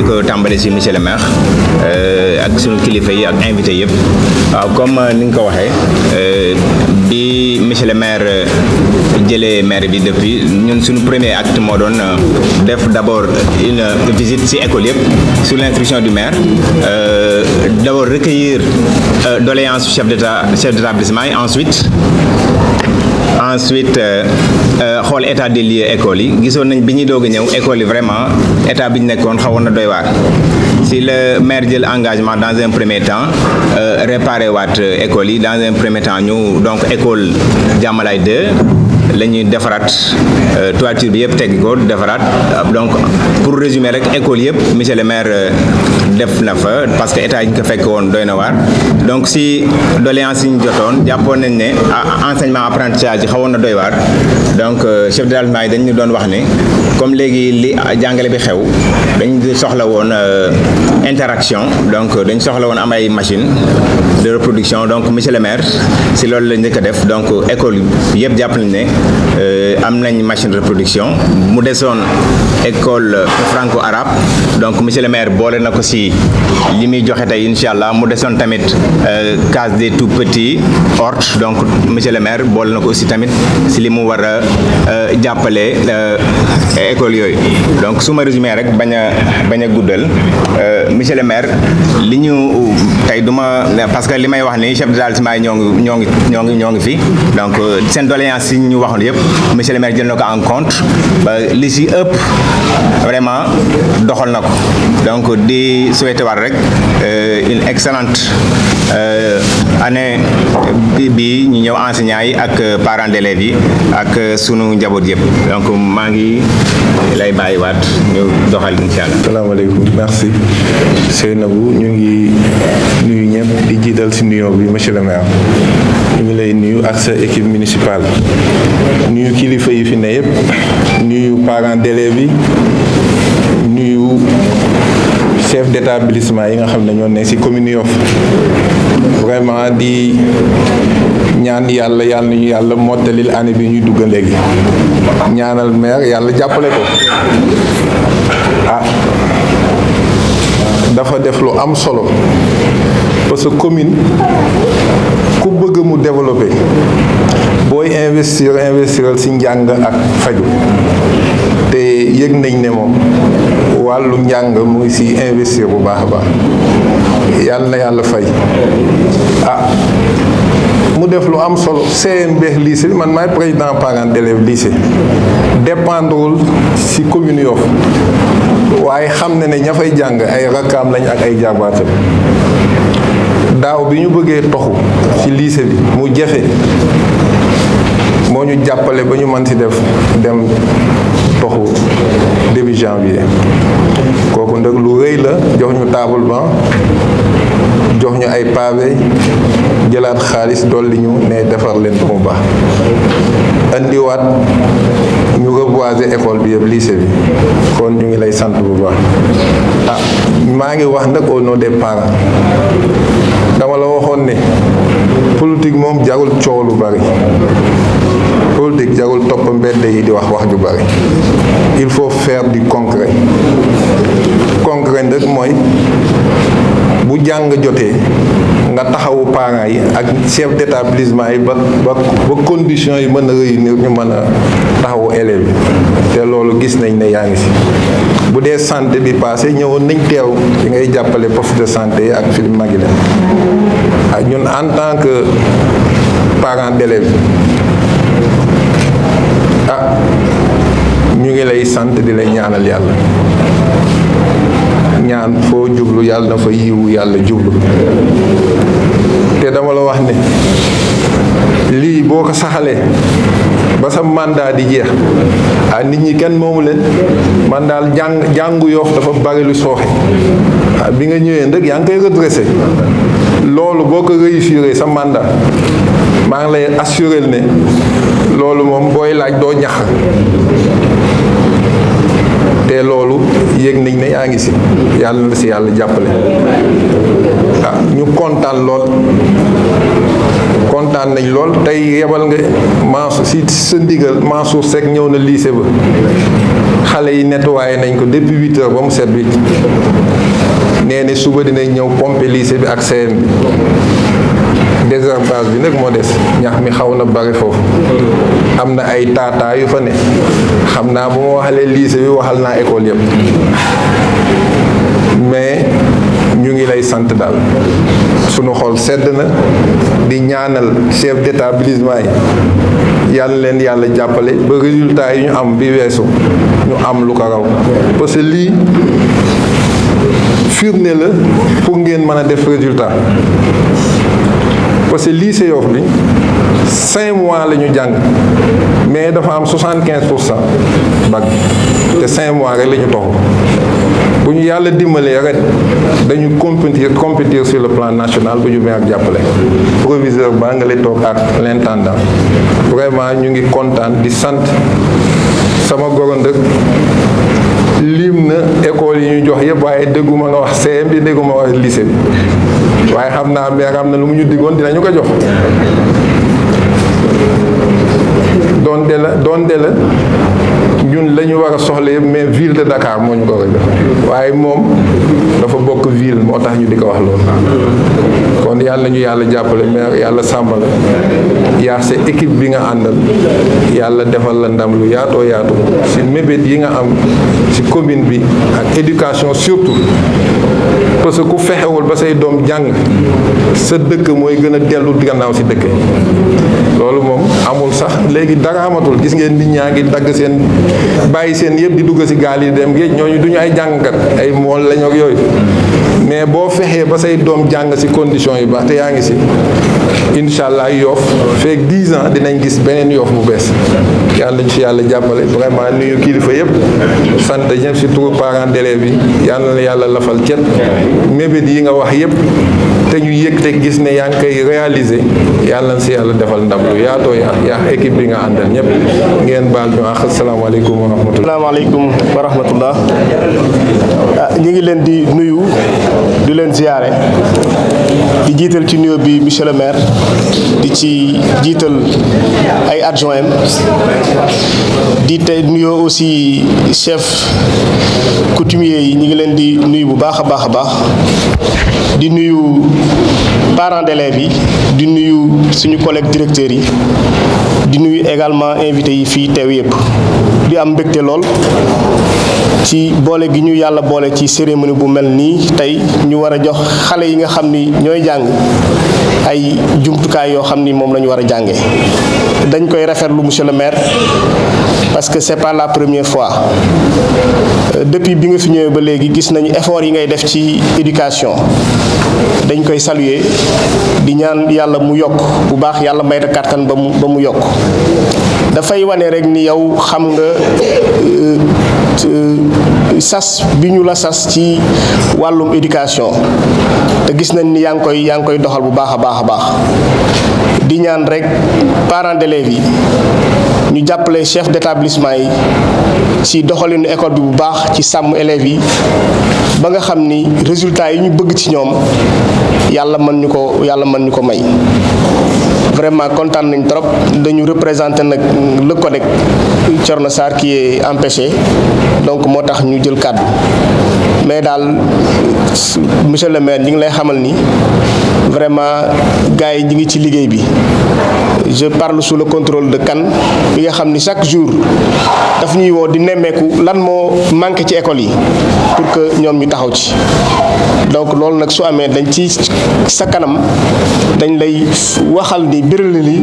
di ko tàmbale si monsieur le maire euh, ak sunu kilifa yi ak invité yëpp waaw comme euh, ni nga ko waxee bi euh, monsieur le maire les maire bi depuis ñun suñu premier acte moo doon euh, def d'abord une visite ci école sur sous du maire euh, d'abord recueillir euh, doléances chef d'état chef d'établissement ensuite ensuite l'état état des lieux école yi gisoon nañ vraiment état biñu si le maire jël engagement dans un premier temps réparer votre école dans un premier temps nous donc école jamalay 2 la ñuy defaraat euh, toiture bi yëpp teggi ko defaraat donc pour résumer rek école yëpp monsieur le maire euh, def na fa parce que état yi ñu ko fekk woon doy na waar donc si doléance yi ñu jotoon jàppoon nañ ne ah, enseignement apprentissage yi xawoon na doy waar donc euh, chef d'établissement yi dañu ñu doon wax ne comme légui li jangale bi xew dañ soxla won euh, interaction donc dañ soxla won am machine de reproduction donc monsieur le maire si lolou la njëkk def donc école yeb jàpp nañ ne euh, am nañ machine de reproduction mu école franco arabe donc monsieur le maire bolé na si limi joxé tay inshallah mu tamit euh, case des tout petits horte donc monsieur le maire bolé nako aussi tamit si limu wara euh jappalé euh école yooyu donc su ma résumé rek bañ a bañ a guddal euh, monsieur le maire li ñu tey duma ma parce que li may wax ni chef d'établissement yi ñoo ngi ñoo ngi ñoo ngi ñoo ngi fi donc euh, seen doléance si ñu waxoon yëpp monsieur le maire jël na ko en compte ba li si ëpp vraiment doxal na ko donc di souhaité war rek euh, une excellente année bi ñu ñëw enseignants yi ak parents d'élèves yi ak sunu njaboot yëpp donc maa ngi ñu lay bàyyiwaat ñu doxal incha allah. salaamaaleykum merci Seynabou ñu ngi nuyu ñëpp di jiital si nuyoo bi monsieur le maire ñu ngi lay nuyu ak sa équipe municipale nuyu kilifa yi fi ne yëpp nuyu parents d'élèves yi nuyu chef d'établissement yi nga xam ne ñoo ne si commune Yoff vraiment di. ñaan yàlla yàlla nañu yàlla mottalil année bi ñuy dugg léegi ñaanal maire yàlla jàppale ko ah dafa def lu am solo parce que commune ku bëgg mu développé booy investir investiral ci njàng ak faju te yëg nañ ne moom wàllu njàng mu si investir bu baax a baax yàlla na yàlla fay ah def lu am solo CMB lycée bi man maay président parent d'élèves lycée dépendrewul ci commune Yoff waaye xam na ne ña fay jàng ay rakkaam lañu ak ay jarbaatam daaw bi ñu bëggee toxu ci lycée bi mu jafe moo ñu jàppale ba ñu mën ci def dem toxu début janvier kooku ndëg lu rëy la jox ñu table banc jox ñu ay pavé jëlaat xaalis dolli ñu ne defar leen ba mu baax indiwaat ñu reboiser école bi yëpp lycée bi kon ñu ngi lay sant bu baax ah maa ngi wax nag au nom des dama la waxoon ne politik moom jarul coow lu bari politique jarul topp mbedd yi di wax wax ju bari il faut faire du concret concret nag mooy bu jàng jotee nga taxawu parents yi ak chef d' établissement yi ba ba ba condition yi mën a réunir ñu mën a taxawu élève bi te loolu gis nañ ne yaa ngi si bu dee santé bi passé ñëwoon nañ teew ngay jàppale poste de santé yi ak film magi leen ak ñun en tant que parent d' ah ñu ngi lay sant di lay ñaanal yàlla ñaan foo jublu yàlla na fa yiwu yàlla jublu jógee dama la wax ne lii boo ko saxalee ba sa mandat di jeex ah nit ñi kenn moomu leen man daal jàng jàngu yoof dafa bari lu sooxe ah bi nga ñëwee ndëg yaa ngi koy redressé loolu boo ko réussiré sa mandat maa ngi lay assuré ne loolu moom booy laaj doo ñax te loolu yéeg nañ ne yaa ngi si yàlla na si yàlla jàppale ah ñu kontaan lool kontaan nañ lool tey yebal nga Mansour si sa ndigal Mansour Seck ñëw na lycée ba xale yi nettuwaaye nañ ko depuis huit heures ba mu set bi nee ne suba dinañ ñëw pompe lycée bi ak CM bi désherbage bi nag moo des ñax mi xaw na bari foofu am na ay taataa yu fa ne xam naa bu ma waxalee lycée bi waxal naa école yëpp mais ñu ngi lay sant daal sunu xol sedd na di ñaanal chef détabilisement yi yàlla leen yàlla jàppale ba résultat yi ñu am bi weesu ñu am lu ko raw parce que lii firnde la pour ngeen mën a def résultat parce que lycée Yoff bi mois la ñu jàng mais dafa am soixante quinze pour cent bac te cinq mois rek la ñu toxu bu ñu yàlla dimbalee rek dañu compétir compétir sur le plan national bu ñu mën ak jàppale proviseur baa nga lay toog ak l'intendant vraiment ñu ngi kontaan di sant sama goron dëkk liim na école yi ñu jox yëpp waaye dégguma nga wax CM bi dégguma wax lycée bi waaye xam naa mais xam na lu mu ñu diggoon dinañu ko jox donte la donte la ñun lañuy ñu war a soxla yëpp mais ville de Dakar moo ñu ko war jox waaye moom dafa bokk ville moo tax ñu di ko wax loolu kon yàlla ñu yàlla jàppale mais yàlla sàmbal yaa sa équipe bi nga àndal yàlla defal la ndam lu yaatoo yaatu si mébét yi nga am si commune bi ak éducation surtout parce que ku fexewul ba say dom jang sa dëkk mooy gën a dellu gannaaw si dëkk loolu moom amul sax léegi dara amatul gis ngeen nit ñaa ngi dagg seen bàyyi seen yëpp di dugg si gaal yi dem géej ñooñu duñu ay jàngkat ay mool lañu ak yoy mais boo fexee ba say doom jàng si condition yi baax te yaa ngi si incha allah yoof feek 10 ans dinañ gis beneen yoof bu bees yàlla nañu si yàlla jàppale vraiment nuyu kilifa yëpp sant ñëpp si turu parents d'élèves yi yàlla na yàlla lafal cet mébét yi nga wax yëpp te ñu yëg te gis ne yaa ngi koy réaliser yàlla na si yàlla defal ndam lu yaatoo yaa yaa équipe bi nga àndal ñëpp ngeen baal ñu àq salaamaaleykum wa rahmatulah. salaamaaleykum ah, ñu ngi leen di nuyu di leen ziyaare di jiital ci nuyoo bi monsieur le di ci jiital ay adjoint di te nuyoo aussi chef coutumier yi ñu ngi leen di nuyu bu baax a baax a baax di nuyu parents d'élèves yi di nuyu suñu collègue directeurs yi di nuyu également invité yi fii teew yëpp di am mbégte lool ci boole gi ñu yàlla boole ci cérémonie bu mel nii tey ñu war a jox xale yi nga xam ni ñooy jàng ay jumtukaay yoo xam ni moom la war a jànge dañ koy rafetlu monsieur le maire parce que c'est pas la première fois euh, depuis bi nga fi ñëwee ba léegi gis nañu effort yi ngay def ci éducation dañ koy saluer di ñaan yàlla mu yokk bu baax yàlla may la ba mu ba mu yokk dafay wane rek ni yow xam nga euh, euh, sas bi la sas ci wàllum éducation te gis nañ ni yaa ngi koy yaa ngi koy doxal bu baax a a baax di ñaan rek parents d'élèves yi ñu jàppale chef d'établissement yi ci doxalinu école bi bu baax ci sàmm élève yi ba nga xam ni résultats yi ñu bëgg ci ñoom yàlla mën ñu ko yàlla mën ñu ko may vraiment kontaan nañ trop dañu représenté nag le CODEC Thierno Sarr qui est empêché donc moo tax ñu jël kàddu mais daal monsieur le maire ñi ngi lay xamal ni vraiment gars yi ñi ngi ci liggéey bi je parle sous le contrôle de kan bi nga xam ni chaque jour daf ñuy woo di nemmeeku lan moo manqué ci école yi pour que ñoom ñu taxaw ci donc loolu nag su amee dañ ci sa kanam dañ lay waxal ni biral li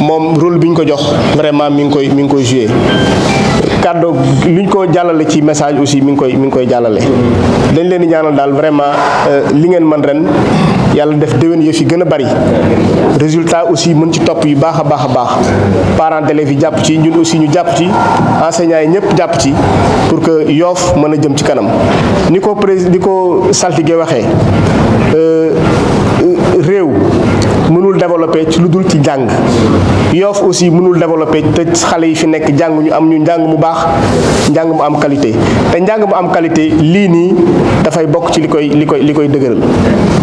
moom rôle bi ñu ko jox vraiment mi ngi koy mi ngi koy joué kàddu li ñu ko jàllale ci message aussi mi ngi koy mi ngi koy jàllale dañ leen ñaanal daal vraiment euh, li ngeen mën ren yàlla def déwén yëf yi gën a bari résultat aussi mën ci topp yu baax a baax a baax parents d'élèves yi jàpp ci ñun aussi ñu jàpp ci enseignants yi ñëpp jàpp ci pour que yoof mën a jëm ci kanam ni ko président ni ko saltige waxee euh, euh, réew mënul développé ci lu dul ci jàng yoof aussi mënul développé te xale yi fi nekk jàng ñu am ñu njàng mu baax njàng mu am qualité te njàng mu am qualité lii nii dafay bokk ci li koy li koy li koy dëgëral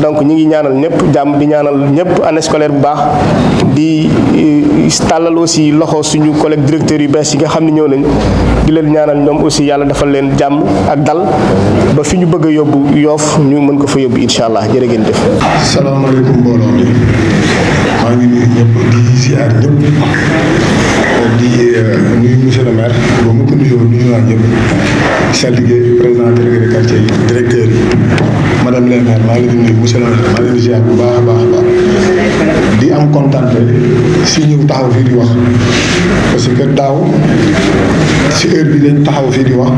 donc ñi ngi ñaanal ñëpp jàmm di ñaanal ñëpp année scolaire bu baax di tàllal aussi loxo suñu collègue directeur yu bees yi nga xam ne nañ di leen ñaanal ñoom aussi yàlla defal leen jàmm ak dal ba fi bëgg ñu mën ko fa def ñëpp di ziar ñëpp di euh, nuyu monsieur le maire ba mu ko nuyoo nuyu naa ñëpp saltige président délégué quartier directeur madame le maire di nuyu monsieur le maire di ziar bu baax baax baax di am kontante si ñëw taxaw fii di wax parce que daaw si heure bi dañ taxaw fii di wax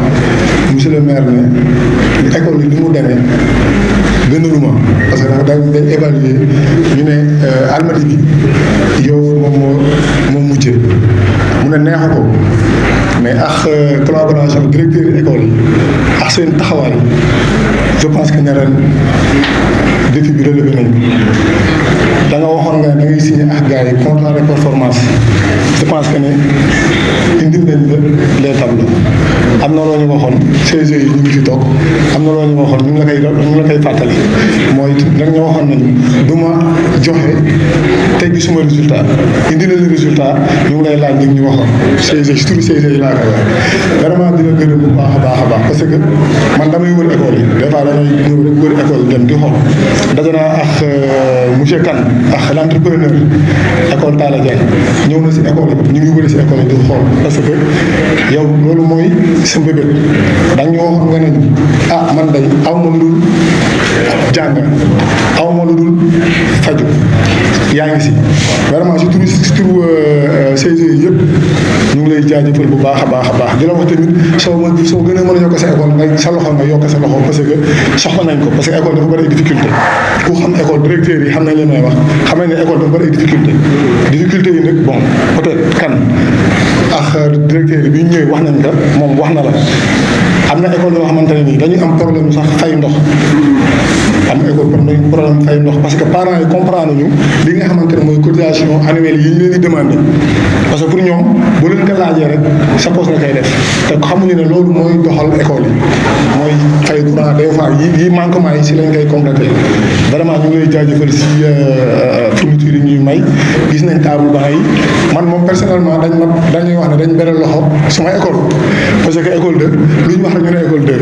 monsieur le maire ne école yi ni mu demee gënalu ma parce que dama dañ dañ évaluer ñu ne euh, almadi bi yow moom moo moom mujjee mu ne neexu mais ak euh, collaboration directeur école yi ak seen taxawaay je pense que ne ren défi bi relevé nañ da nga waxoon nga da ngay signé ak gars yi contrat de performance je pense que ne indil nañ la les tableaux am na loo ñu waxoon CGE yi ñu ngi ci toog am na loo ñu waxoon ñu ngi la koy ñu la koy fàttali mooy da nga waxoon nañu du ma joxe tey gi suma résultat indi nañu résultat ñu ngi lay laaj ñu ngi ñu waxoon CGE si turu CGE yi laa koy wax vraiment dina gërëm bu baax a baax a baax parce que man damay wër école yi des fois damay école yi di xool daje naa ak euh, monsieur Kane ak l' entrepreneur école Talla Diagne ñëw na si école ñu ngi wëri si école di xool parce que yow loolu mooy sa mbébét da nga nga ne ah man day aw ma lu dul jàng aw ma lu dul faju yaa ngi si vraiment si turu si turu euh, CGE euh, yëpp ñu ngi lay jaajëfal bu baax a baax a baax di la wax tamit soo ma soo gën a mën a yokk sa école nga sa loxo sa loxo parce que soxla nañ ko parce que école dafa bari ay difficulté ku xam école directeur yi xam nañ leen may wax xam nañ ne école dafa bari ay difficulté difficulté yi nag bon peut-être kan ak euh, directeur yi bi ñu ñëwee wax nañ ko moom wax na la am na école yoo xamante ne nii dañuy am problème sax fay ndox xam ne école kon dañ problème fay ndox parce que parents yi comprendre ñu li nga xamante ne mooy cotisation annuelle yi ñu leen di parce que pour ñoom boo leen ko laajee rek sa poche nga koy def te xamuñu ne loolu mooy doxal école yi mooy fay courant des fois yi yi manquement yi si lañ koy complété vraiment ñu ngi lay jaajëfal si euh, euh, fourniture yi ñuy may gis nañ table banc yi man moom personnellement dañ ma dañuy wax ne dañu beral loxo suma école parce que école de lu ñu wax rek ne école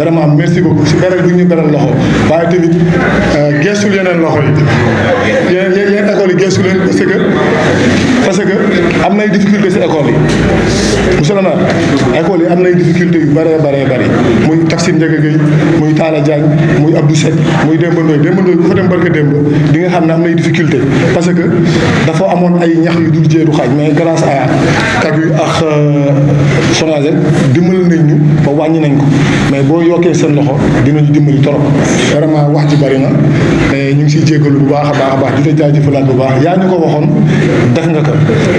vraiment merci beaucoup si beral bu ñu beral loxo Euh, gestu yeneen loxo yi yeneen yeneen école yi gestu parce que parce que am nay difficulté si école yi monsieur le maire école yi am nay difficulté yu bëree bëree bëri muy Tafsir Ndiaga Gueye muy Talla Diagne muy Abdou Seck muy Demba Ndoye Demba Ndoye ku fa dem barka Demba di xam ne am nay difficulté parce que dafa amoon ay ñax yu dul jeedu xaaj mais grâce à Kagu ak euh, Sonaged dimbali nañ ñu ba wàññi nañ ko mais boo yokkee seen loxo dinañu dimbali torop wax ji bari na ñu ngi siy jéggalu bu baax a baax a baax di la jaajëfalaat bu baax yaa ñu ko waxoon def nga ko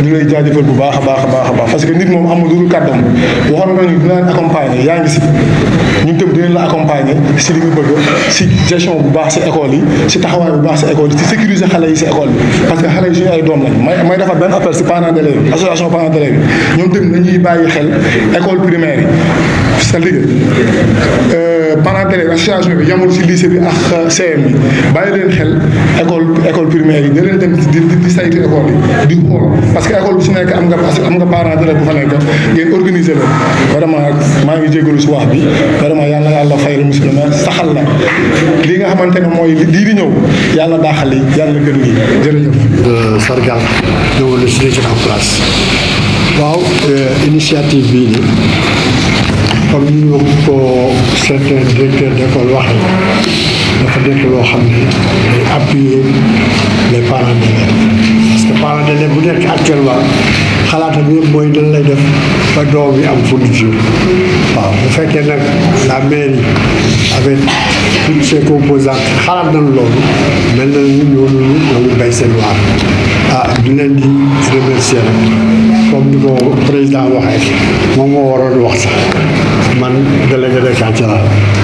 ñu lay jaajëfal bu baax a baax a baax a baax parce que nit moom amul lu dul kàddam waxoon nga ñu dinañ accompagner yaa ngi si ñu ngi tam dinañ la accompagner si li bëgg si gestion bu baax si école yi si taxawaay bu baax si école yi si sécuriser xale yi si école bi parce que xale yi suñu ay doom lañ may may defar benn appel si parents d'élèves association parents d'élèves ñoom bàyyi xel école primaire yi c'est-à-dire parents d'élèves association bi yamul ci lycée bi ak CM bi bàyyi leen xel école école primaire yi da leen dem di di saytu école yi di xool parce que école bi su nekk am nga am nga parent d'élève bu fa nekk ngeen organiser la vraiment maa ngi jégalu si wax bi vraiment yàlla yàlla fayal musulma na saxal la li nga xamante ne mooy di ñëw yàlla daaxal yi yàlla gën lii jërëjëf. sargal ñëwal la si en place waaw initiative bii nii comme ni ñu ko certains directeurs d'école waxee dafa nekk loo xam ne day appuyer les parents d'élèves parce que parents d'élèves bu nekk actuellement xalaatam yëpp mooy nan lay def ba doom yi am fourniture waaw bu fekkee nag la mairie avec toutes ses composantes xalaat nañ loolu mel na ni ñooñu ñooñu béy seen waar ah di leen di remercier rek comme ni ko président waxee moom moo waroon wax sax man délégué de quartier la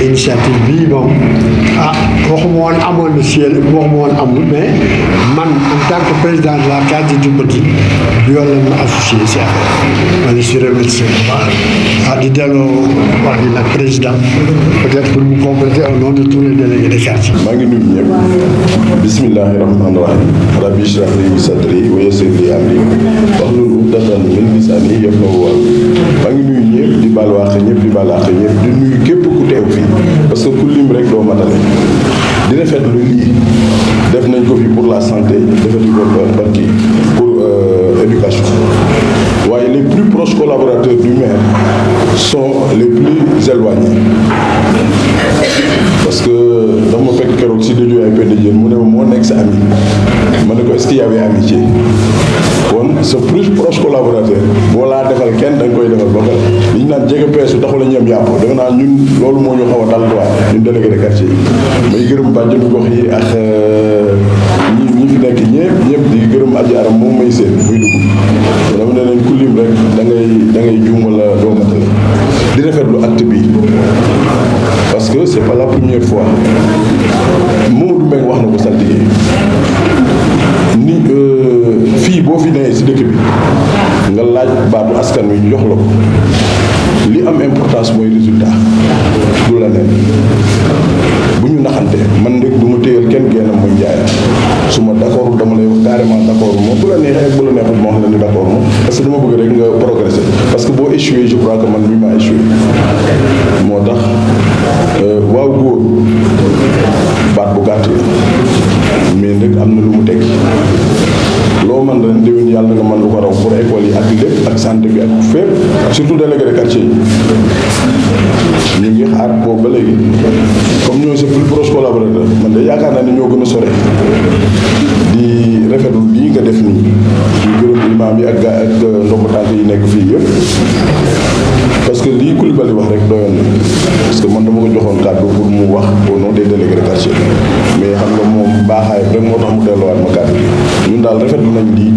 initiative bii bon ah waxuma woon amoon na fii waxuma woon amul mais man en tant que président de la case du Jubbati yoon la ma associé si affaire ma ne si remercié ah di delloo wax ni président peut être pour mu compléter au nom de tous les délégués de quartier. maa ngi nuyu ñep bismillahi rahmaani rahim rabbi ishrah li sadri wa yassir li amri wahlul uqdatan min lisani yafqahu qawli maa ngi nuyu ñëpp di baal waax ñëpp di baal waax ñëpp di nuyu képp parce que tout le rek est matale di rafetlu de def nañ ko fi pour la santé de ko pour euh, éducation les plus proches collaborateurs du maire sont les plus éloignés parce que dans mon père, qui si daju ay PDG mu ne moo ami ma est-ce y avait amitié sa plus proche collaborateur boo laa defal kenn da nga koy defal ba pare li ñu naan jege peesu taxul a ñeem yàpp da nga naan ñun loolu moo ñu xaw a dal quoi ñun délégué de yi may gërëm bàjjenu gox yi ak euh, ñi ñi fi nekk ñëpp ñëpp di gërëm aji moom may seen muy dugg dama ne leen ku lim rek da ngay da ngay juum wala doo matal di rafetlu acte bi parce que c'est pas la première fois Mamadou Mbengue wax na ko sant boo fi nee si dëkk bi nga laaj baatu askan wi ñu jox la ko li am importance mooy résultat du la leen bu ñu naxante man ndég du ma téyal kenn génnam muy njaayam su ma d'accord dama lay wax carrément d'accord moom bu la neexee ak bu la neexul ma wax la ni d'accord moom parce que dama bëgg rek nga progresser parce que boo échoué je crois que man mi ma échoué moo tax euh, waaw góor baat bu gàtt la mais ndég am na lu mu tekki yàlla nga mën lu ko raw pour école yi ak lépp ak santé bi ak fépp surtout délégué de quartier yi ñu ngi xaar boobu ba léegi comme ñoo sa plus proche collaborateur man de yaakaar naa ñoo gën a sore di rafetlu lii nga def nii di gërëm imam yi ak gaa ak euh, ndomb tànk yi nekk fii yëpp parce que lii Koulibaly wax rek doyoon na parce que man dama ko joxoon kàddu pour mu wax au nom des délégués de quartier mais xam nga moom baaxaay rek moo tax mu delluwaat ma kàddu ñun daal rafetlu nañ lii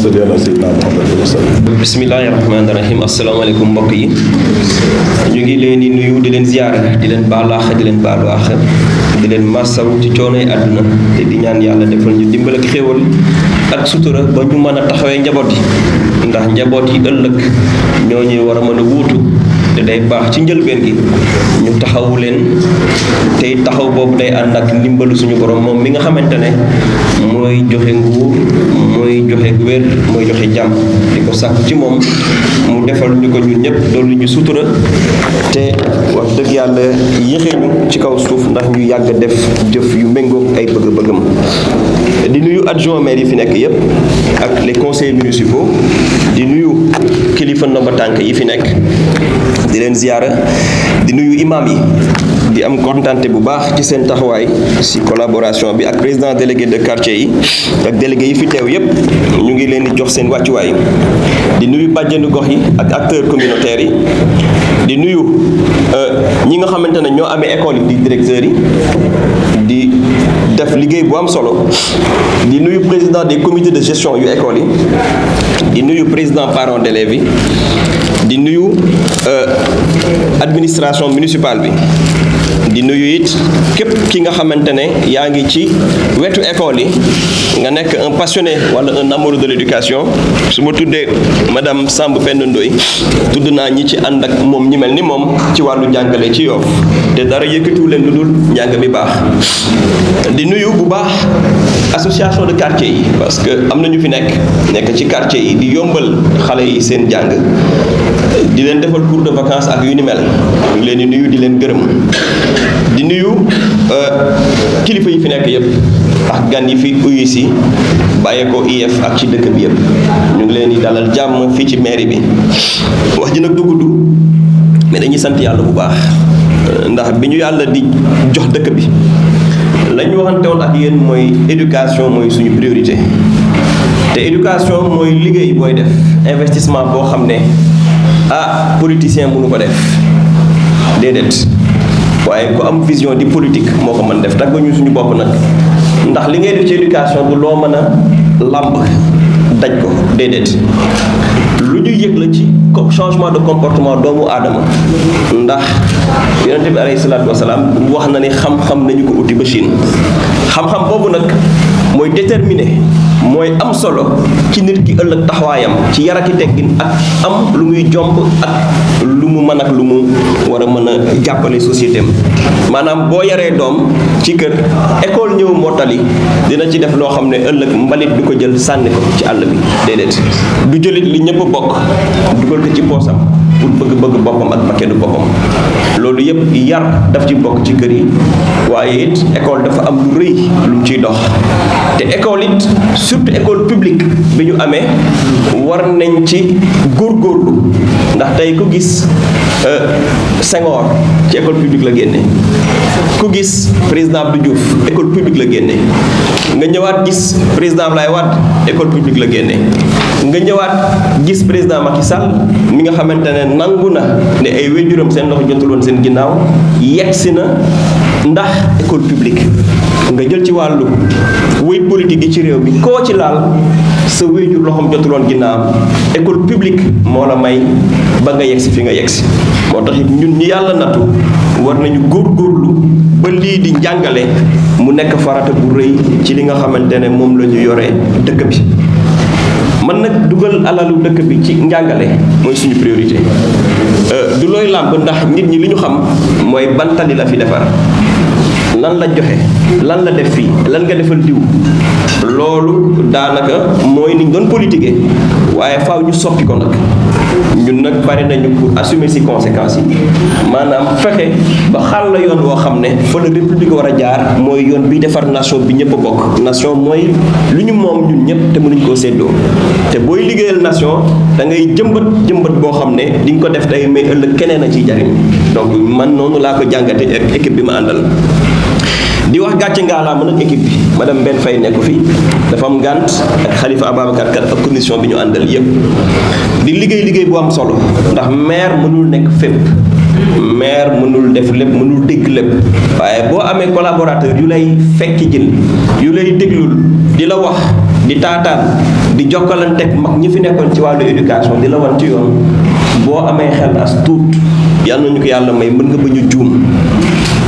Bismillahirrahmanirrahim. Assalamualaikum sayyidina muhammadin wa sallam bismillahir rahmanir rahim assalamu alaykum mbokk yi ñu ngi leen di nuyu di leen ziar di leen balaax di leen balaax di leen massaw ci coonoy aduna te di ñaan yàlla defal ñu dimbal ak xéewal ak sutura ba ñu mën a taxawee njaboot yi ndax njaboot yi ëllëg ñoo ñuy war a te day baax ci njëlbeen gi ñu taxawu leen tey taxaw boobu day ànd ak ndimbalu suñu borom moom mi nga xamante ne mooy joxe nguur joxe gu wér mooy joxe jàmm di ko sàkku ci moom mu defal ñu ko ñun ñëpp dolli ñu sutura te wax dëgg yàlla yéexee ñu ci kaw suuf ndax ñu yàgg def jëf yu méngoog ay bëgg-bëggam di nuyu adjoint maire yi fi nekk yëpp ak les conseils municipaux di nuyu kilifa ndomba tànk yi fi nekk di leen ziyaara di nuyu imaam yi di am kontante bu baax ci seen taxawaay ci collaboration bi ak président délégué de quartier yi ak délégué yi fi teew yépp ñu ngi leen di jox seen wàccuwaay di nuyu bàjjenu gox yi ak acteurs communautaires yi di nuyu euh, ñi nga xamante ne ñoo amee école yi di directeurs yi di def liggéey bu am solo di nuyu président des comités de gestion yu école yi di nuyu président parent d'élèves bi di nuyu euh, administration municipale bi di nuyu it képp ki nga xamante ne yaa ngi ci wetu école yi nga nekk un passionné wala un amoureux de l'éducation su ma tuddee madame Samb Penda ndoy tudd naa ñi ci ànd ak moom ñi mel ni moom ci wàllu njàngale ci Yoff te dara yëkkatiwu leen lu dul njàng mi baax di nuyu bu baax association de quartier yi parce que am na ñu fi nekk nekk ci quartier yi di yombal xale yi seen jàng di leen defal cours de vacance ak yu ni mel ñu leen di nuyu di leen gërëm di nuyu euh, kilifa yi fi nekk yépp ak gan yi fi uyu si bàyyeekoo IEF ak ci dëkk bi yépp ñu ngi leen di dalal jàmm fii ci mairie bi wax ji nag du gudd mais dañuy sant yàlla bu baax ndax bi ñu yàlla di jox dëkk bi la ñu waxante woon ak yéen mooy éducation mooy suñu priorité te éducation mooy liggéey booy def investissement boo xam ne ah politicien mënu ko def déedéet waaye ku am vision di politique moo ko mën def tàgguñu suñu bopp nag ndax li ngay def ci éducation bu loo mën a làmb daj ko déedéet lu ñu yëg la ci. changement de comportement doomu aadama ndax yonente bi alayhi salaam wasalaam wax na ni xam-xam nañu ko uti ba Chine xam-xam boobu nag mooy déterminé mooy am solo ci nit ki ëllëg taxawaayam ci yaraki teggin ak am lu muy jomb ak lu mu mën ak lu mu war a mën a jàppale société maanaam boo yaree doom ci kër école ñëw mottali dina ci def loo xam ne ëllëg mbalit du ko jël sànni ko ci àll bi déedéet du jëlit li ñëpp bokk dugal ko ci poosam pour bëgg bëgg boppam ak makeenu boppam loolu yëpp yar daf ci bokk ci kër yi waaye it école dafa am lu rëy lu ciy dox te école it surtout école publique bi ñu amee war nañ ci góorgóorlu ndax tey ku gis Senghor ci école publique la génne ku gis président Abdou Diouf école publique la génne nga ñëwaat gis président Abdoulaye Wade école publique la génne nga ñëwaat gis président Macky Sall mi nga xamante ne nangu na ne ay wéjuram seen loxo jotul woon seen ginnaaw yegsi na ndax école publique nga jël ci wàllu wéy politique yi ci réew mi koo ci laal sa wéyjur loxom jotul woon ginnaaw école publique moo la may ba nga yegsi fi nga yegsi moo tax ñun ñi yàlla war nañu ba di mu nekk farata bu ci li nga yore dëkk bi man nag dugal alalu dëkk bi ci njàngale eh. mooy suñu priorité eh, du looy làmb ndax nit ñi li xam mooy ban la fi lan la lan la def fii lan nga defal diw loolu daanaka mooy niñ doon politiquer waaye faw ñu soppi ko nag ñun nag pare nañu pour assumer ci conséquences yi maanaam fexe ba la yoon woo xam ne fa la république war a jaar mooy yoon bi defar nation bi ñëpp a bokk nation mooy lu ñu moom ñun ñëpp te mënuñ koo séddoo te booy liggéeyal nation dangay jëmbët jëmbat boo xam ne di ko def tey mais ëllëg keneen a ci jariñ donc man noonu laa ko jàngate ak équipe bi ma àndal di wax gàcce ngaalaama nag équipe bi madame Ben Faye nekku fi dafa am gànt ak xalifa kat ak condition bi ñu àndal yépp iya. di liggéey liggéey bu am solo ndax maire mënul nekk fépp maire mënul def lépp mënul dégg lépp waaye bo amee collaborateur yu lay fekki jën yu lay déglul di la wax di taataan di jokkalanteeg mag ñi fi nekkoon ci wàllu éducation di la wan ci yoon boo amee xel as tuut yàlla nañu ko yàlla may mën nga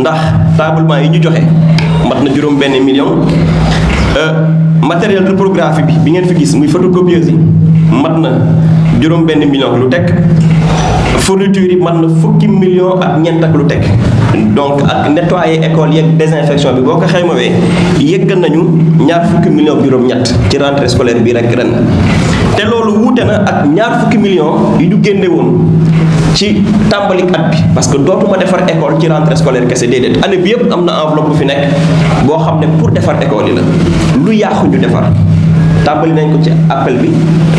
ndax tablement yi ñu joxe mat na juróom benn million euh, matériel reprographie bi bi ngeen fi gis muy photocopieuse yi mat na juróom benn million lu teg fourniture yi mat na fukki million ak ñeent ak lu teg donc ak nettoyer école yeeg désinfection bi boo ko xaymawee yëggal nañu ñaar fukki million juróom ñett ci rentrée scolaire bi rek ren te loolu wuute na ak ñaar fukki million yi du génne woon ci tàmbali at bi parce que dootuma defar école ci rentrée scolaire kese déedéet année bi yëpp am na enveloppe bu fi nekk boo xam ne pour defar école yi la lu yàqu ñu defar tàmbali nañ ko ci appel bi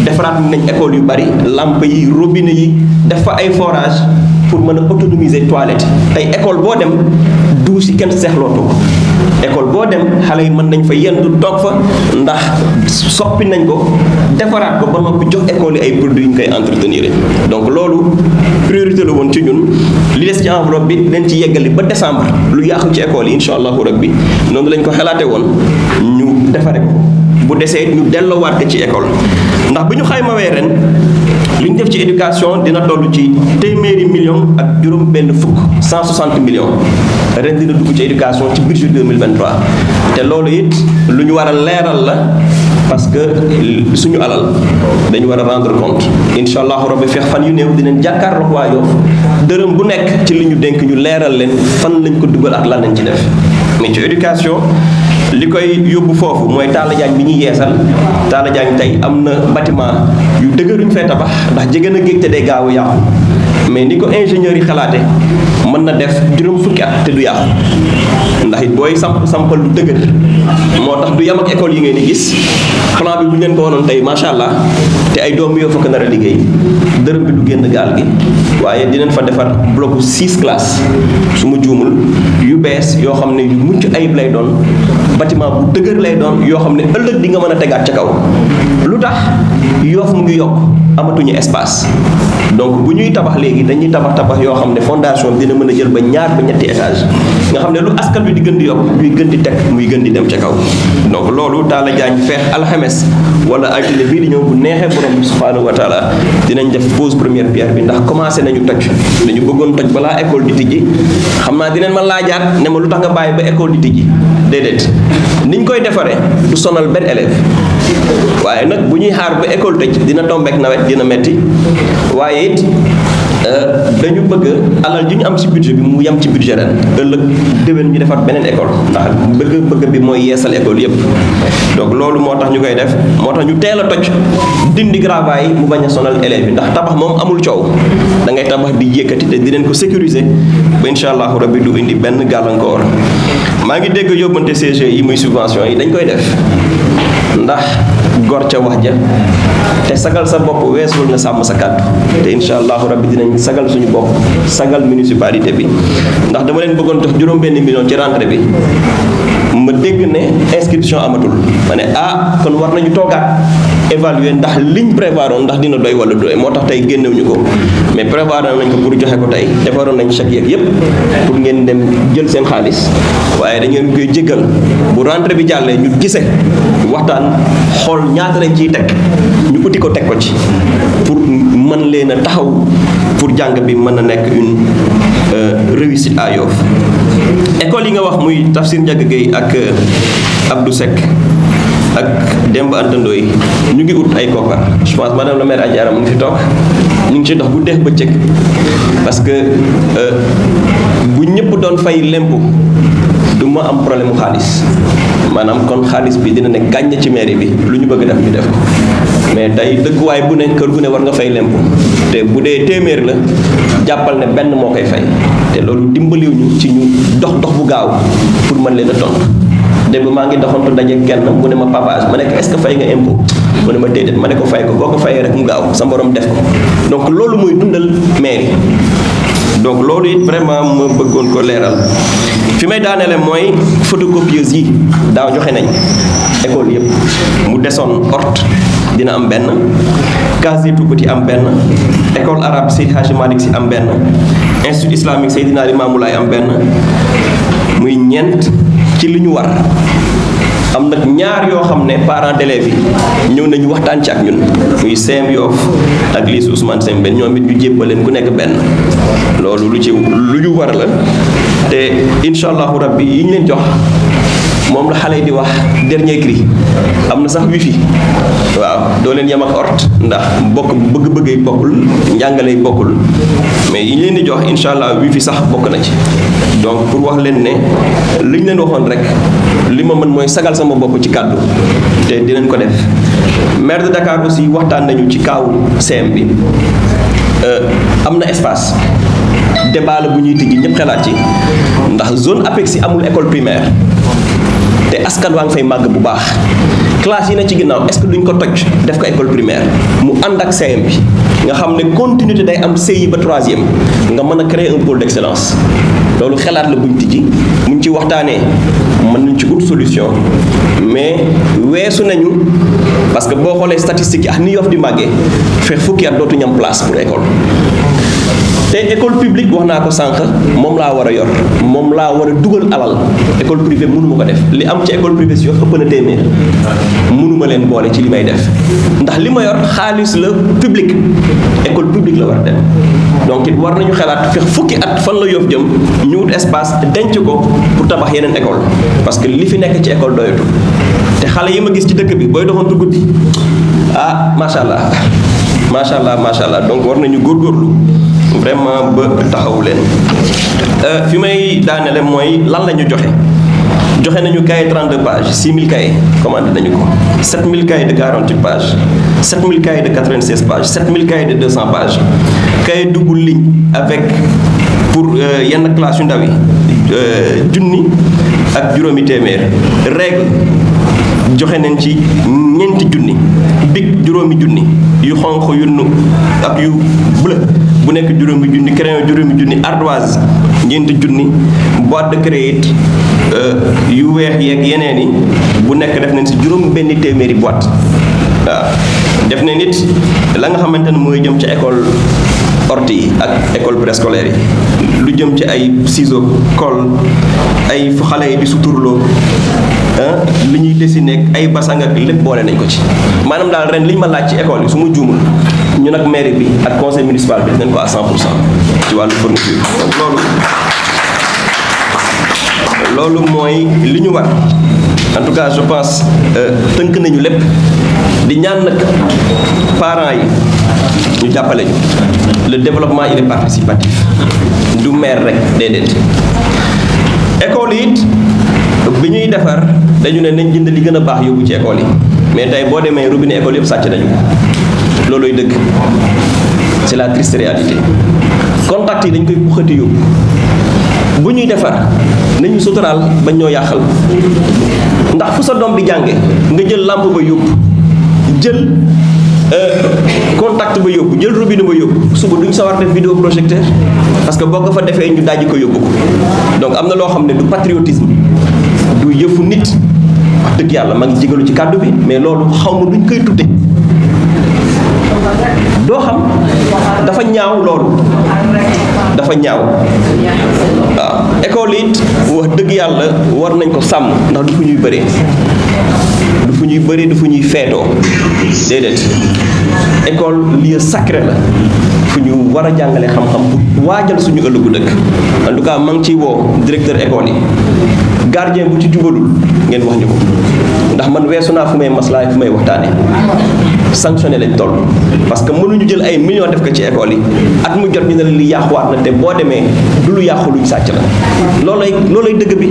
defaraat nañ école yu bari lampe yi robine yi def fa ay forage pour mën a autonomiser toilette tey école boo dem douche yi kenn seexlootu ko école boo dem xale yi mën nañ fa du toog fa ndax soppi nañ ko defaraat ko ba noppi jox école yi ay produits yu ñu koy entretenir donc loolu priorité la woon ci ñun li des ci enveloppe bi dañ ci yeggali ba décembre lu yàqu ci école yi incha allahu bi noonu lañ ko xalaate woon ñu defare ko bu desee ñu delloowaat ko ci école ndax bi ñu xaymawee ren def ci dina toll ci téeméeri million ak juróom benn fukk 160 millions ren dina dugg ci éducation ci budget 2023 te loolu it lu ñu war leeral la parce que suñu alal dañu war a rendre compte incha allahu rabbi feex fan yu néew dinañ jàkkaarloo waa dërëm bu nekk ci li ñu dénk ñu leeral leen fan lañ ko dugal ak lan lañ ci def mais ci éducation li koy yóbbu foofu mooy Talla Diagne bi ñuy yeesal Talla Diagne tey am na bâtiment dëgëruñ fee tabax ndax jege na géej te day gaaw ya. mais ni ingénieur yi mën na def fukki at du ndax it samp sampal lu du yam ak école yi di gis plan bi bu leen ko wonoon tey macha allah te ay doom yoo fa ko nar liggéey dërëm bi du génn gaal gi waaye dinañ fa defar bloc 6 classes su ma yu bees yoo xam yu mucc ayib lay doon bâtiment bu dëgër lay doon yoo xam ne di nga mën a tegaat kaw yoof mu ngi yokk amatuñu espace donc bu ñuy tabax léegi dañuy tabax tabax yoo xam ne fondation dina mën a jël ba ñaar ba ñetti étage nga xam ne lu askan bi di gën di yokk ñuy gën di teg muy gën di dem ca kaw donc loolu taala jaañ feex alxames wala altine bii di ñëw bu neexee borom bi subhanahu wa taala dinañ def pose première pierre bi ndax commencé nañu toj dañu bëggoon toj balaa école di tijji xam naa dinañ ma laajaat ne ma lu tax nga bàyyi ba école di tijji déedéet niñ koy defaree du sonal benn élève waaye nag bu ñuy xaar ba école tëj dina tombeek nawet dina metti waaye it euh, dañu bëgg alal ju ñu am ci budget bi mu yem ci budget ren ëllëg déwén ñu defaat beneen école ndax bëgg bëgg bi mooy yeesal école yépp donc loolu moo tax ñu koy def moo tax ñu teel a toj dindi gravats yi mu bañ a sonal élèves bi ndax tabax moom amul coow da ngay tabax di yëkkati te di leen ko sécuriser ba incha allahu rabbi du indi benn gàllankoor maa ngi dégg yóbbante CGE yi muy subvention yi dañ koy def ndax gor ca wax ja te sagal sa bopp weesul nga sàmm sa kàddu te incha allahu rabbi dinañ sagal suñu bopp sagal municipalité bi ndax dama leen bëggoon jox juróom benn million ci rentrée bi ma dégg ne inscription amatul ma ne ah kon war nañu toogaat évaluer ndax liñ prévoiroon ndax dina doy wala doy moo tax tey génnewuñu ko mais prévoir nañ ko pour joxe ko tey defaroon nañ chèque yeeg yépp pour ngeen dem jël seen xaalis waaye dangeen leen koy jéggal bu rentrée bi jàllee ñu gise waxtaan xool ñaata lañ ciy teg ñu uti ko teg ko ci pour mën leen a taxaw pour jàng bi mën a nekk une euh, réussite à Yoff école yi nga wax muy Tafsir Ndiaga Gueye ak euh, Abdou Seck ak Demba Anta ñu ngi ut ay koppar je pense madame la maire Adji mu ngi fi toog ñu ngi ci dox bu deex bëccëg parce que euh, bu ñëpp doon fay lempo du ma am problème mu xaalis maanaam kon xaalis bi dina ne gàññ ci mairie bi lu ñu bëgg def ñu def ko mais tey dëkkuwaay bu ne kër gu ne war nga fay lempo te bu dee téeméer la jàppal ne benn moo koy fay te loolu dimbaliwuñu ci ñu dox dox bu gaaw pour mën leen a tontu. démb maa ngi doxantu daje kenn mu ne ma papage ma ne ko est-ce que fay nga impôt mu ne ma déedéet ma ne ko fay ko boo ko fayee rek mu gaaw sa borom def ko donc loolu mooy dundal mairie donc loolu it vraiment ma bëggoon ko leeral fi may daaneele mooy photocopieuse yi daaw joxe nañ école yëpp mu desoon ort dina am benn casier tout petit am benn école arabe Seydi Hadji Malick si am benn institut islamique Seydina Limamou Laye am benn muy ñeent ci li ñu war am nag ñaar yoo xam ne parent d'élèves yi ñëw nañu waxtaan ci ak ñun muy CEM Yoff ak lycée Ousmane Sembène ñoom it ñu leen ku nekk benn loolu lu ci lu ñu war la te incha allahu rabbi yi ñu leen jox moom la xale yi di wax dernier cri am na sax wifi waaw doo leen yem ak ort ndax bokk bëgg-bëgg bëggee bokkul njàngalee yi bokkul mais yi ñu leen di jox incha allah fi sax bokk na ci donc pour wax leen ne li ñu leen waxoon rek li ma mën mooy sagal sama bopp ci kàddu te dinañ ko def maire de Dakar aussi waxtaan nañu ci kaawu CM bi euh, am na espace débat bu ñuy tijji ñëpp xelaat ci ndax zone APEX si amul école primaire. te askan waa ngi fay màgg bu baax classe yi na ci ginnaaw est que duñ ko toj def ko école primaire mu ànd ak CM bi nga xam ne continuité day am CI ba troisième nga mën a créer un pôle d'excellence loolu xalaat la buñ tijji muñ ci waxtaanee mën nañ ci ut solution mais weesu nañu parce que boo xoolee statistiques yi ak ni Yoff di màggee fex fukki at dootuñu am place pour école te école publique wax naa ko sànq moom laa war a yor moom laa war a dugal alal école privée mënu ko def li am ci école privée si yor ëpp na téeméer munuma leen boole ci li may def ndax li ma yor xaalis la publique école publique la war a dem donc it war nañu xalaat fex fukki at fan la Yoff jëm ñu wut espace denc ko pour tabax yeneen école parce que li fi nekk ci école doyatu te xale yi ma gis ci dëkk bi booy doxantu guddi ah macha allah macha allah macha allah donc war nañu góorgóorlu vraiment ba taxawu leen euh, fi may daanele mooy lan la ñu joxe joxe nañu cahier 32 pages 6000 cahiers commandé nañu ko 7000 cahiers de 48 pages 7000 cahiers de 96 pages 7000 cahiers de 200 pages cahier double ligne avec pour euh, yenn classe yu ndaw yi euh, junni ak juróomi téeméer règle joxe nañ ci ñeenti big juróomi junni yu xonq yu ak yu bleu bu nekk juróomi junni crayon juróomi junni ardoise ñeenti junni boîte de crédit euh, yu weex yeeg yeneen yi bu nekk def nañ si juróom benn téeméeri boîte def nañ nit la nga xamante ne jëm ci école orti ak école préscolaire yi lu jëm ci ay ciseaux col ay fu xale yi di suturloo li ñuy dessiné ay basang ak lépp boole nañ ko ci maanaam daal ren liñ ma laaj ci école yi su ma ñu nag mairie bi ak conseil municipal bi dinañ ko à 100% ci wàllu fourniture donc loolu loolu mooy li ñu war en tout cas je pense euh, tënk nañu lépp di ñaan nag parents yi ñu jàppale ñu le développement il est participatif du maire rek déedéet école it bi ñuy defar dañu ne nañ jënd li gën a baax ci école yi mais tey boo demee robinet école yëpp sàcc nañu loolooy dëgg c'est la triste réalité contact yi dañ koy buxati yóbbu bu ñuy defar nañu suturaal bañ ñoo yàqal ndax fu sa doom di jànge nga jël làmp ba yóbbu jël euh, contact ba yóbbu jël robinet ba yóbbu suba duñ sawar def vidéo projecteur parce que boo ko fa defee ñu dajj ko yóbbu ko donc am na loo xam ne du patriotisme du yëfu nit wax dëgg yàlla ma ngi jégalu ci kàddu bi mais loolu xaw ma duñ koy tudde doo xam dafa ñaaw loolu dafa ñaaw waaw école it wax dëgg yàlla war nañ ko sàmm ndax du fu ñuy bëree du fu ñuy bëree du fu ñuy feetoo déedéet école sacré la fu ñu war a jàngale xam-xam bu waajal suñu ëllëgu dëkk en tout cas ma ngi ciy woo directeur école yi gardien bu ci jubalul ngeen wax ñu ko ndax man weesu naa fu may maslaa fu may waxtaane sanctionné lañ toll parce que mënuñu jël ay millions def ko ci école yi at mu jot ñu ne la li yàquwaat na te boo demee du lu yàqu luñ sàcc la loolay loolay dëgg bi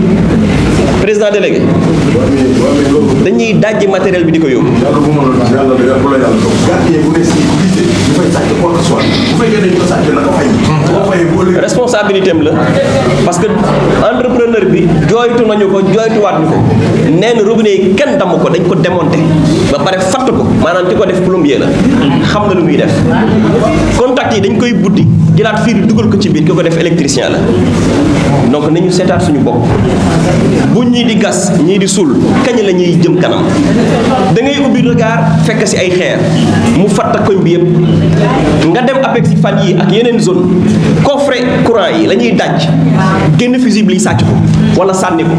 président délégué dañuy dajji matériel bi di ko yóbbu. responsabilité am la parce que entrepreneur bi jooytu nañu ko jooytuwaat ñu ko nee na robinet yi kenn damm ko dañ ko démonté ba pare fatt ko. maanaam ci ko def plombier la xam na lu muy def contact yi dañ koy buddi jëlaat fiir dugal ko ci biir ki ko def électricien la donc nañu seetaat suñu bopp bu ñii di gas ñii di suul kañ la ñuy jëm kanam da ngay ubbi regard fekk si ay xeer mu fatta koñ bi yëpp nga dem APEX si fan yi ak yeneen zone coffret courant yi la ñuy daj génn fusible ko wala sànni ko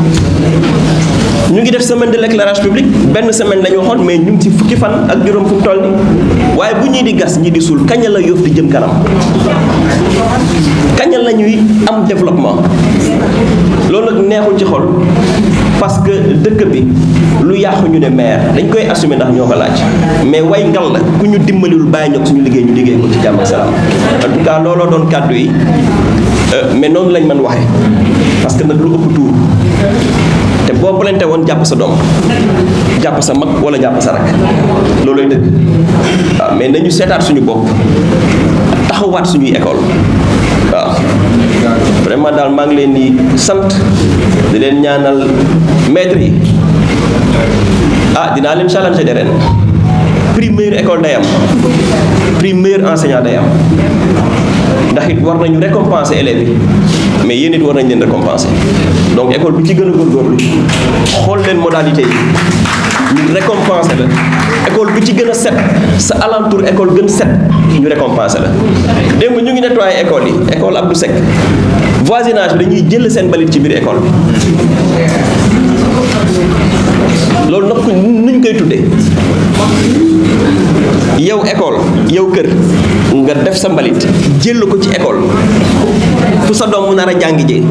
ñu ngi def semaine de l'éclairage public benn semaine la ñu mais ñu ngi ci fukki fan ak juróom fu mu waaye bu ñii di gas ñii di suul kañ la yof di jëm kanam kañal la ñuy am développement loolu nag neexul ci xol parce que dëkk bi lu yàqu ñu ne maire dañ koy assumer ndax ñoo ko laaj mais way ngal la ku ñu dimbaliwul bàyyi ñoo ko suñu liggéey ñu liggéey ko ci jàmm sa salaam en tout looloo doon kàddu yi euh, mais noonu lañ mën waxee parce que nag lu ëpp tuur te boo plainte woon jàpp sa doom jàpp sa mag wala jàpp sa rak loolooy dëgg waaw ah, mais nañu seetaat suñu bopp taxawaat suñuy école ya. waaw vraiment daal maa leen di sant di leen ñaanal maître ah dinaa leen challenge de ren première école day am enseignant day ndax it war nañu récompenser élèves mais yéen it war nañ leen récompenser donc école ci leen modalité yi ñu récompenser école bi ci gën a set sa alentour école gën set ñu récompenser la démb ñu ngi nettoyé école yi école Abdou Seck voisinage bi dañuy jël seen balit ci biir école bi loolu nag nuñ koy tuddee yow école yow kër nga def sa mbalit jël ko ci école fu sa doom mu nar a jàng jee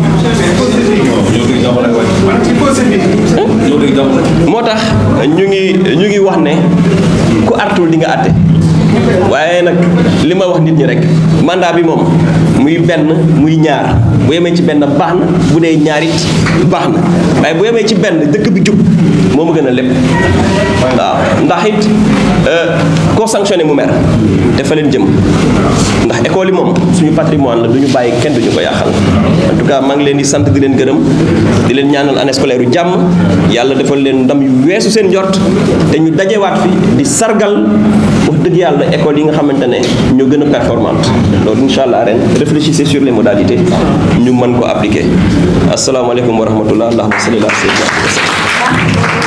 moo tax ñu ngi ñu ngi wax ne ku artul di nga àtte waaye nag li ma wax nit ñi rek mandat bi moom muy benn muy ñaar bu yemee ci benn baax na bu dee ñaarit baax na waaye bu yemee ci benn dëkk bi jub moo ma gën a lépp waaw ndax it euh, koo sanctionné mu mer dafa leen jëm ndax école yi moom suñu patrimoine la du ñu bàyyi kenn duñu ko yaaxal en tout maa ngi leen di sant di leen gërëm di leen ñaanal année scolaire yu jàmm yàlla defal leen ndam yu weesu seen jot te ñu waat fi di sargal wax dëgg yàlla école yi nga xamante ne ñoo gën a performante loolu incha allah ren réfléchissez sur les modalités ñu mën ko appliquer asalaamaaleykum wa rahmatullah allahuma salli ala sayyidina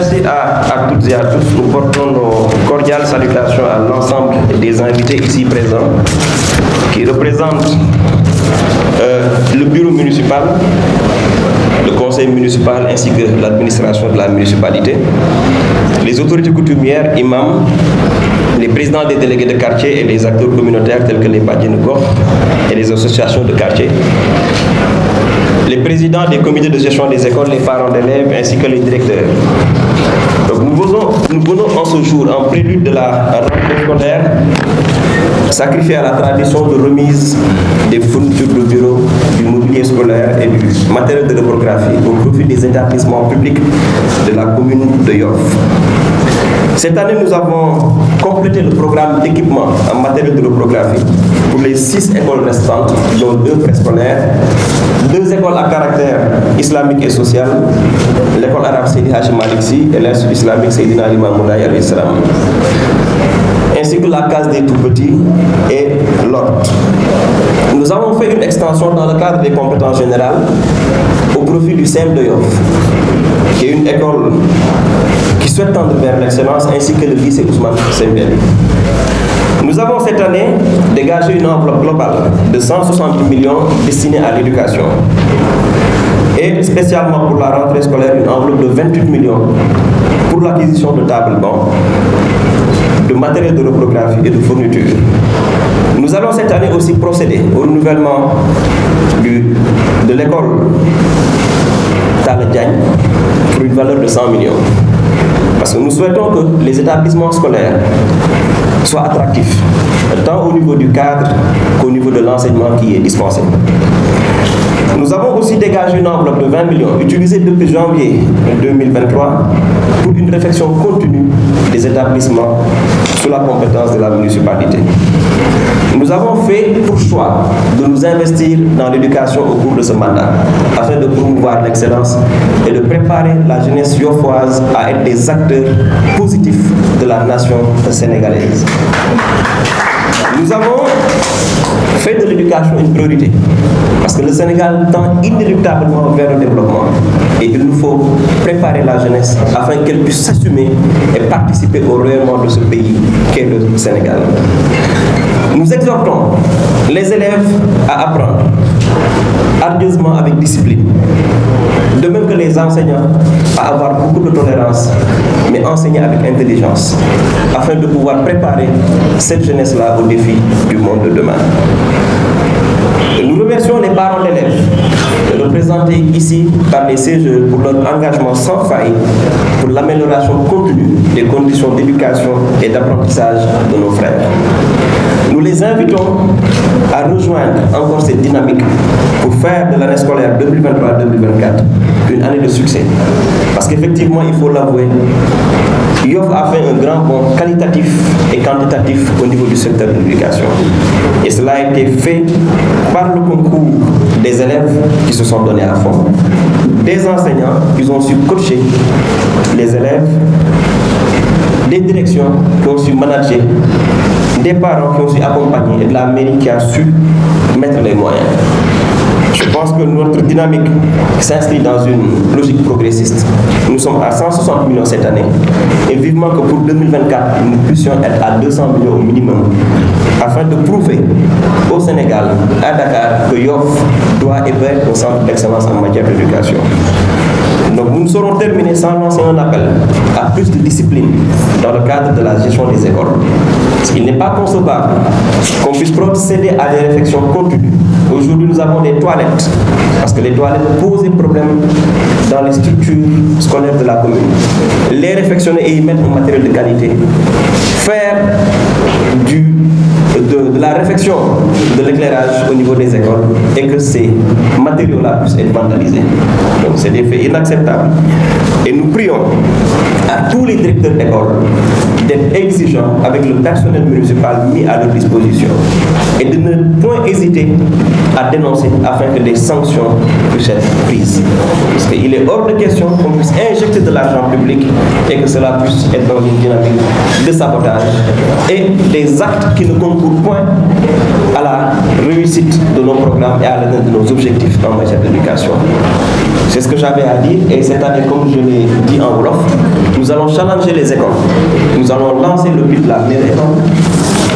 Merci à, toutes et à tous. Nous portons nos cordiales salutations à l'ensemble des invités ici présents qui représentent euh, le bureau municipal, le conseil municipal ainsi que l'administration de la municipalité, les autorités coutumières, imams, les présidents des délégués de quartier et les acteurs communautaires tels que les Badjinogor et les associations de quartier, les présidents des comités de gestion des écoles, les parents d'élèves ainsi que les directeurs. nous, venons, en ce jour, en prélude de la rentrée scolaire, sacrifier à la tradition de remise des fournitures de bureaux, du mobilier scolaire et du matériel de reprographie au profit des établissements publics de la commune de Yoff. Cette année, nous avons complété le programme d'équipement en matériel de reprographie pour les six écoles restantes, dont deux préscolaires, deux écoles à caractère islamique et social, l'école arabe Sidi H Malixi et l'institut islamique Sidi Ali Mahmoudaï al-Islam, ainsi que la case des tout-petits et l'autre. Nous avons fait une extension dans le cadre des compétences générales au profit du Centre de Yoff, qui est une école qui souhaitent tendre vers l'excellence, ainsi que le vice Ousmane Sembeli. Nous avons cette année dégagé une enveloppe globale de 160 millions destinée à l'éducation et spécialement pour la rentrée scolaire une enveloppe de 28 millions pour l'acquisition de tables bancs, de matériel de reprographie et de fourniture. Nous allons cette année aussi procéder au renouvellement de l'école Tal pour une valeur de 100 millions nous souhaitons que les établissements scolaires soient attractifs, tant au niveau du cadre qu'au niveau de l'enseignement qui est dispensé. Nous avons aussi dégagé une enveloppe de 20 millions utilisée depuis janvier 2023 pour une réflexion continue des établissements sous la compétence de la municipalité. Nous avons fait pour choix de nous investir dans l'éducation au cours de ce mandat, afin de promouvoir l'excellence et de préparer la jeunesse yofoise à être des acteurs positifs de la nation sénégalaise. Nous avons fait de l'éducation une priorité. Parce que le Sénégal tend inéluctablement vers le développement. Et il nous faut préparer la jeunesse afin qu'elle puisse s'assumer et participer au réellement de ce pays qu'est le Sénégal. Nous exhortons les élèves à apprendre, ardieusement avec discipline, de même que les enseignants, à avoir beaucoup de tolérance, mais enseigner avec intelligence, afin de pouvoir préparer cette jeunesse-là au défi du monde de demain. Nous remercions les parents d'élèves présentés ici par les CGE pour leur engagement sans faille pour l'amélioration continue des conditions d'éducation et d'apprentissage de nos frères. Nous les invitons à rejoindre encore cette dynamique pour faire de l'année scolaire 2023-2024 une année de succès. Parce qu'effectivement, il faut l'avouer, Yoff a fait un grand bond qualitatif et quantitatif au niveau du secteur de l'éducation. Et cela a été fait par le concours des élèves qui se sont donnés à fond. Des enseignants, qui ont su coacher les élèves, des directions qui ont su manager, des parents qui ont su accompagner et de la mairie qui a su mettre les moyens. Je pense que notre dynamique s'inscrit dans une logique progressiste. Nous sommes à 160 millions cette année et vivement que pour 2024, nous puissions être à 200 millions au minimum afin de prouver au Sénégal, à Dakar, que Yoff doit et au centre d'excellence en matière d'éducation. Donc nous ne serons terminés sans lancer un appel à plus de discipline dans le cadre de la gestion des écoles. Il n'est pas concevable qu'on puisse procéder à des réflexions continues Aujourd'hui, nous avons des toilettes, parce que les toilettes posent des problèmes dans les structures scolaires de la commune. Les réfectionner et y mettre un matériel de qualité. Faire de, de la réfection de l'éclairage au niveau des écoles et que ces matériaux-là puissent être vandalisés. Donc, c'est des faits inacceptables. Et nous prions à tous les directeurs d'école d'être exigeants avec le personnel municipal mis à leur disposition et de ne point hésiter à dénoncer afin que des sanctions puissent être prises. Parce qu'il est hors de question qu'on puisse injecter de l'argent public et que cela puisse être dans une dynamique de sabotage et des actes qui ne concourent point à la réussite de nos programmes et à l'atteinte de nos objectifs en matière d'éducation. C'est ce que j'avais à dire et cette année, comme je l'ai dit en Wolof, nous allons challenger les écoles. Nous allons lancer le but de l'avenir écoles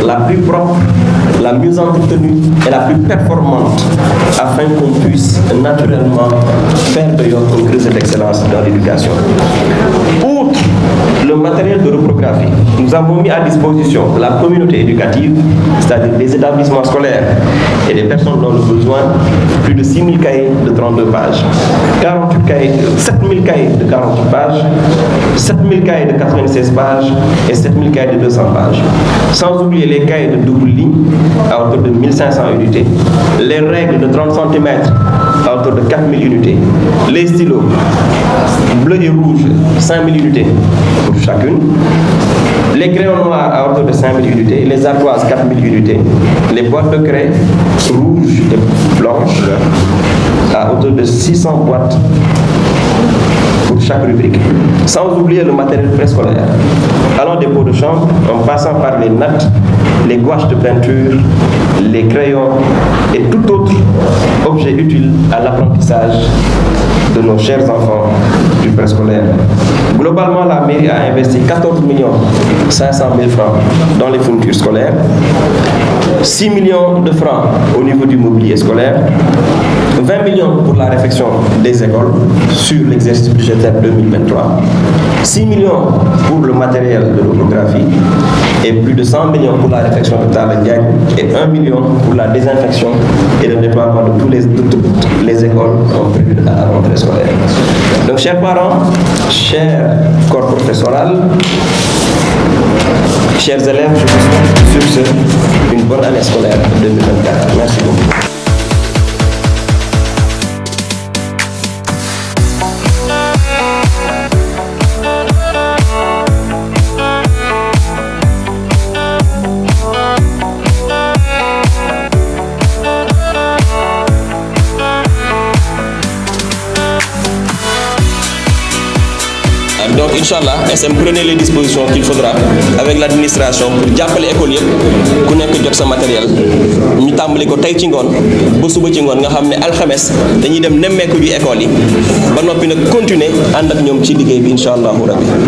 la plus propre, la mieux entretenue et la plus performante afin qu'on puisse naturellement faire de York crise d'excellence dans l'éducation. Outre le matériel de reprographie, nous avons mis à disposition de la communauté éducative, c'est-à-dire des établissements scolaires et des personnes dont le besoin, plus de 6 000 cahiers de 32 pages, 48 7 000 cahiers de 48 pages, 7 000 cahiers de 96 pages et 7 000 cahiers de 200 pages. Sans oublier les cahiers de double ligne à hauteur de 1500 unités, les règles de 30 cm à hauteur de 4000 unités, les stylos bleu et rouge 5000 unités pour chacune, les crayons noirs à hauteur de 5000 unités, les ardoises 4000 unités, les boîtes de craie rouges et blanches à hauteur de 600 boîtes chaque rubrique, sans oublier le matériel préscolaire, Allons des pots de chambre en passant par les nattes, les gouaches de peinture, les crayons et tout autre objet utile à l'apprentissage de nos chers enfants du préscolaire. Globalement, la mairie a investi 14 millions 500 000 francs dans les fournitures scolaires, 6 millions de francs au niveau du mobilier scolaire, 20 millions pour la réfection des écoles sur l'exercice budgétaire 2023, 6 millions pour le matériel de l'ornographie, et plus de 100 millions pour la réflexion de et 1 million pour la désinfection et le déploiement de, les, toutes les écoles en prévu de la rentrée scolaire. Donc, chers parents, chers corps professoral. Chers élèves, je vous souhaite sur ce une bonne année scolaire 2024. Merci beaucoup. Inch'Allah SM prenez les dispositions qu'il faudra avec l'administration pour jàppale école yëpp ku nekk jot sa matériel ñu tàmbali ko tey ci ngoon ba suba ci ngoon nga xam ne alxames dañuy dem nemmeeku ju école yi ba noppi nag continuer andak ak ñoom ci liggéey bi incha rabbi